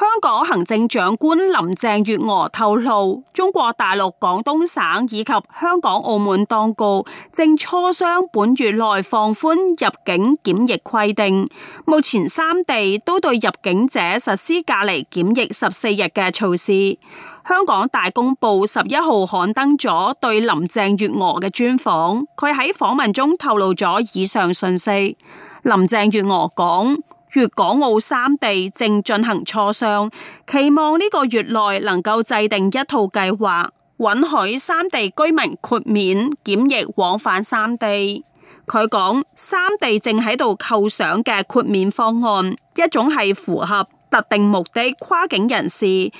香港行政長官林鄭月娥透露，中國大陸廣東省以及香港、澳門當局正磋商本月內放寬入境檢疫規定。目前三地都對入境者實施隔離檢疫十四日嘅措施。香港大公報十一號刊登咗對林鄭月娥嘅專訪，佢喺訪問中透露咗以上信息。林鄭月娥講。粵港澳三地正進行磋商，期望呢個月內能夠制定一套計劃，允許三地居民豁免檢疫往返三地。佢講，三地正喺度構想嘅豁免方案，一種係符合特定目的跨境人士，一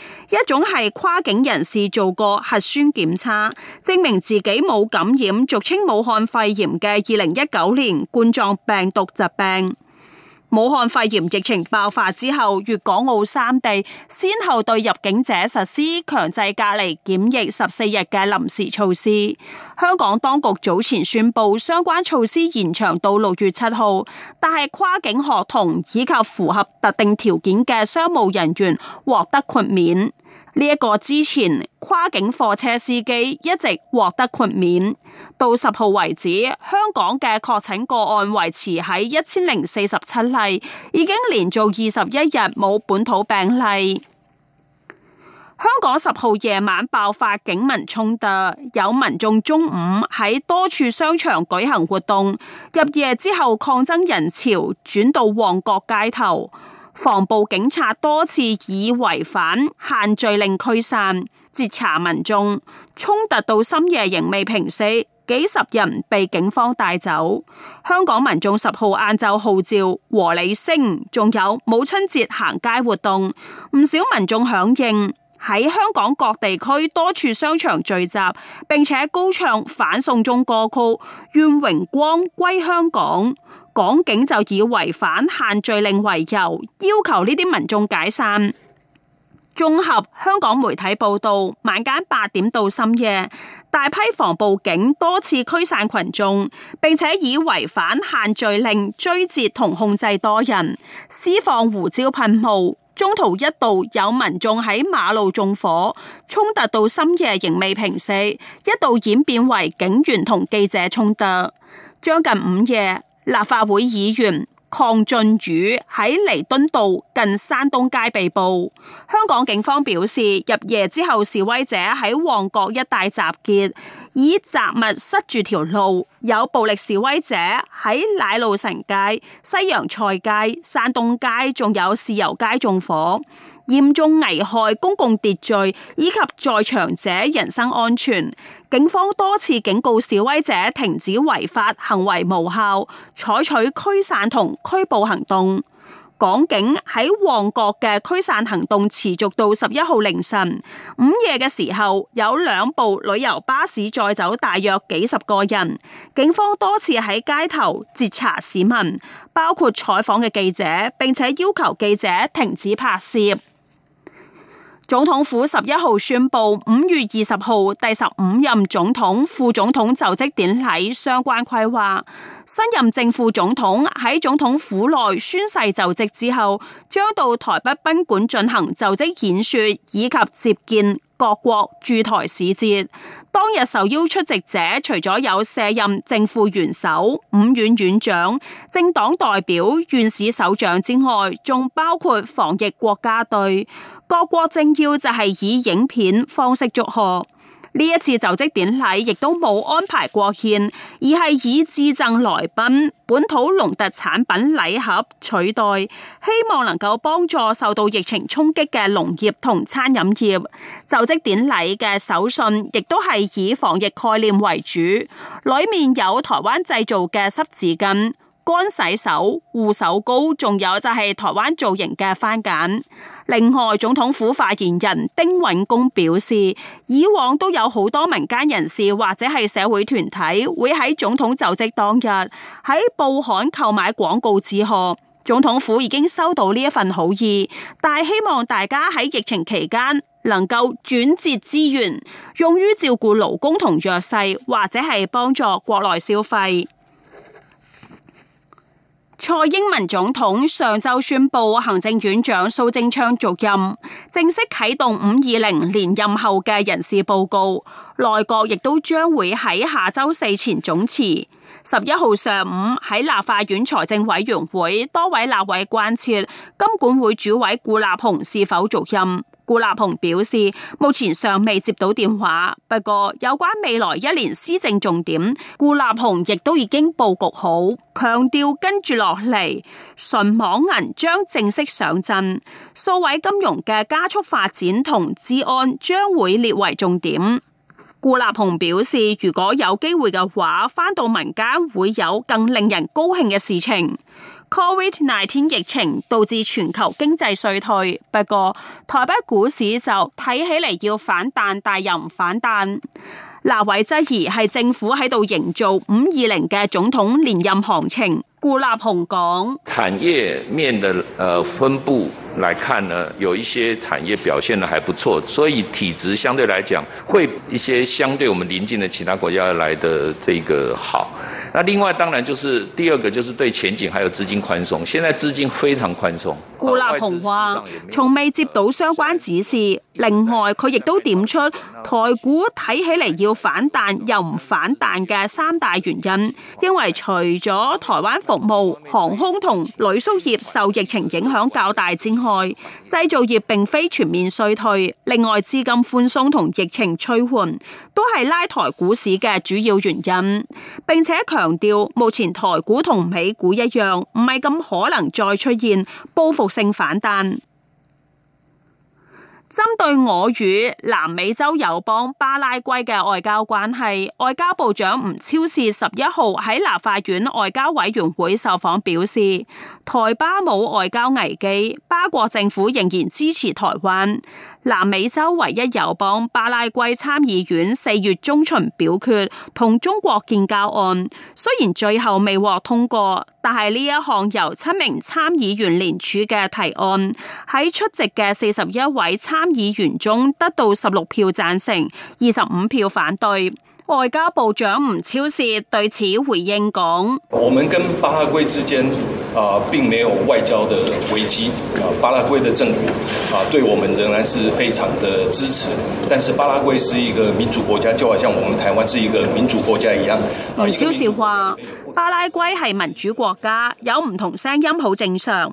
種係跨境人士做過核酸檢測，證明自己冇感染俗稱武漢肺炎嘅二零一九年冠狀病毒疾病。武漢肺炎疫情爆發之後，粵港澳三地先後對入境者實施強制隔離檢疫十四日嘅臨時措施。香港當局早前宣布相關措施延長到六月七號，但係跨境學童以及符合特定條件嘅商務人員獲得豁免。呢、這、一個之前。跨境貨車司機一直獲得豁免，到十號為止，香港嘅確診個案維持喺一千零四十七例，已經連續二十一日冇本土病例。香港十號夜晚爆發警民衝突，有民眾中午喺多處商場舉行活動，入夜之後抗爭人潮轉到旺角街頭。防暴警察多次以違反限聚令驅散截查民眾，衝突到深夜仍未平息，幾十人被警方帶走。香港民眾十號晏晝號召和理聲，仲有母親節行街活動，唔少民眾響應喺香港各地區多處商場聚集，並且高唱反送中歌曲，願榮光歸香港。港警就以違反限聚令為由，要求呢啲民眾解散。綜合香港媒體報道，晚間八點到深夜，大批防暴警多次驅散群眾，並且以違反限聚令追截同控制多人，施放胡椒噴霧。中途一度有民眾喺馬路縱火，衝突到深夜仍未平息，一度演變為警員同記者衝突。將近午夜。立法會議員鄺俊宇喺彌敦道。近山東街被捕，香港警方表示，入夜之後示威者喺旺角一帶集結，以雜物塞住條路，有暴力示威者喺奶路臣街、西洋菜街、山東街，仲有豉油街縱火，嚴重危害公共秩序以及在場者人身安全。警方多次警告示威者停止違法行為無效，採取驅散同拘捕行動。港警喺旺角嘅驅散行動持續到十一號凌晨午夜嘅時候，有兩部旅遊巴士載走大約幾十個人，警方多次喺街頭截查市民，包括採訪嘅記者，並且要求記者停止拍攝。總統府十一號宣布，五月二十號第十五任總統副總統就職典禮相關規劃，新任正副總統喺總統府內宣誓就職之後，將到台北賓館進行就職演說以及接見。各國駐台使節當日受邀出席者，除咗有卸任政府元首、五院院長、政黨代表、院士首長之外，仲包括防疫國家隊。各國政要就係以影片方式祝賀。呢一次就職典禮亦都冇安排國宴，而係以致贈來賓本土農特產品禮盒取代，希望能夠幫助受到疫情衝擊嘅農業同餐飲業。就職典禮嘅手信亦都係以防疫概念為主，裏面有台灣製造嘅濕紙巾。乾洗手、護手膏，仲有就係台灣造型嘅番梘，另外，總統府發言人丁允恭表示，以往都有好多民間人士或者係社會團體會喺總統就職當日喺報刊購買廣告誌賀。總統府已經收到呢一份好意，但係希望大家喺疫情期間能夠轉借資源，用於照顧勞工同弱勢，或者係幫助國內消費。蔡英文總統上周宣布行政院長蘇貞昌續任，正式啟動五二零連任後嘅人事報告。內閣亦都將會喺下周四前總辭。十一號上午喺立法院財政委員會，多位立委關切金管會主委顧立雄是否續任。顧立雄表示，目前尚未接到電話，不過有關未來一年施政重點，顧立雄亦都已經布局好，強調跟住落嚟，純網銀將正式上陣，數位金融嘅加速發展同治安將會列為重點。顧立雄表示，如果有機會嘅話，返到民間會有更令人高興嘅事情。Covid nineteen 疫情導致全球經濟衰退，不過台北股市就睇起嚟要反彈，但又唔反彈。立委質疑係政府喺度營造五二零嘅總統連任行情。顧立雄講：產業面的，呃，分布來看呢，有一些產業表現得還不錯，所以體質相對來講，會一些相對我們鄰近的其他國家來的這個好。那另外當然就是第二個就是對前景還有資金寬鬆，現在資金非常寬鬆。顧立雄話：從未接到相關指示。另外佢亦都點出台股睇起嚟要反彈又唔反彈嘅三大原因，因為除咗台灣。服務、航空同旅宿業，受疫情影響較大，之外製造業並非全面衰退。另外，資金寬鬆同疫情趨緩都係拉抬股市嘅主要原因，並且強調目前台股同美股一樣，唔係咁可能再出現報復性反彈。針對我與南美洲友邦巴拉圭嘅外交關係，外交部長吳釗燮十一號喺立法院外交委員會受訪表示，台巴冇外交危機，巴國政府仍然支持台灣。南美洲唯一友邦巴拉圭參議院四月中旬表決同中國建交案，雖然最後未獲通過，但係呢一項由七名參議員聯署嘅提案，喺出席嘅四十一位參議員中得到十六票讚成，二十五票反對。外交部長吳釗燮對此回應講：，我們跟巴拉圭之間啊，並沒有外交的危機，啊，巴拉圭的政府啊，對我們仍然是非常的支持。但是巴拉圭是一個民主國家，就好像我們台灣是一個民主國家一樣。吳釗燮話：巴拉圭係民主國家，有唔同聲音好正常。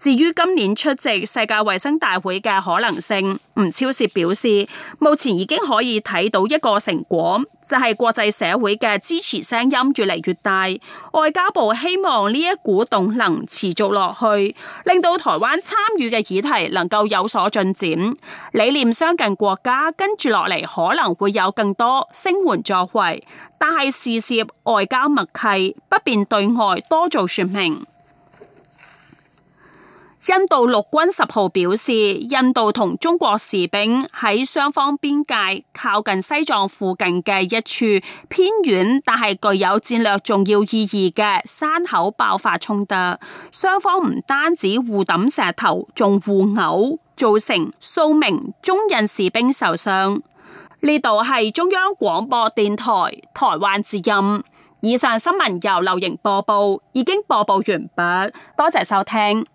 至於今年出席世界衛生大會嘅可能性，吳釗燮，表示目前已經可以睇到一個成果，就係、是、國際社會嘅支持聲音越嚟越大。外交部希望呢一股動能持續落去，令到台灣參與嘅議題能夠有所進展。理念相近國家跟住落嚟可能會有更多聲援作為，但係事涉外交默契，不便對外多做說明。印度陸軍十號表示，印度同中國士兵喺雙方邊界靠近西藏附近嘅一處偏遠，但係具有戰略重要意義嘅山口爆發衝突，雙方唔單止互抌石頭，仲互毆，造成數名中印士兵受傷。呢度係中央廣播電台台灣之音。以上新聞由流瑩播報，已經播報完畢，多謝收聽。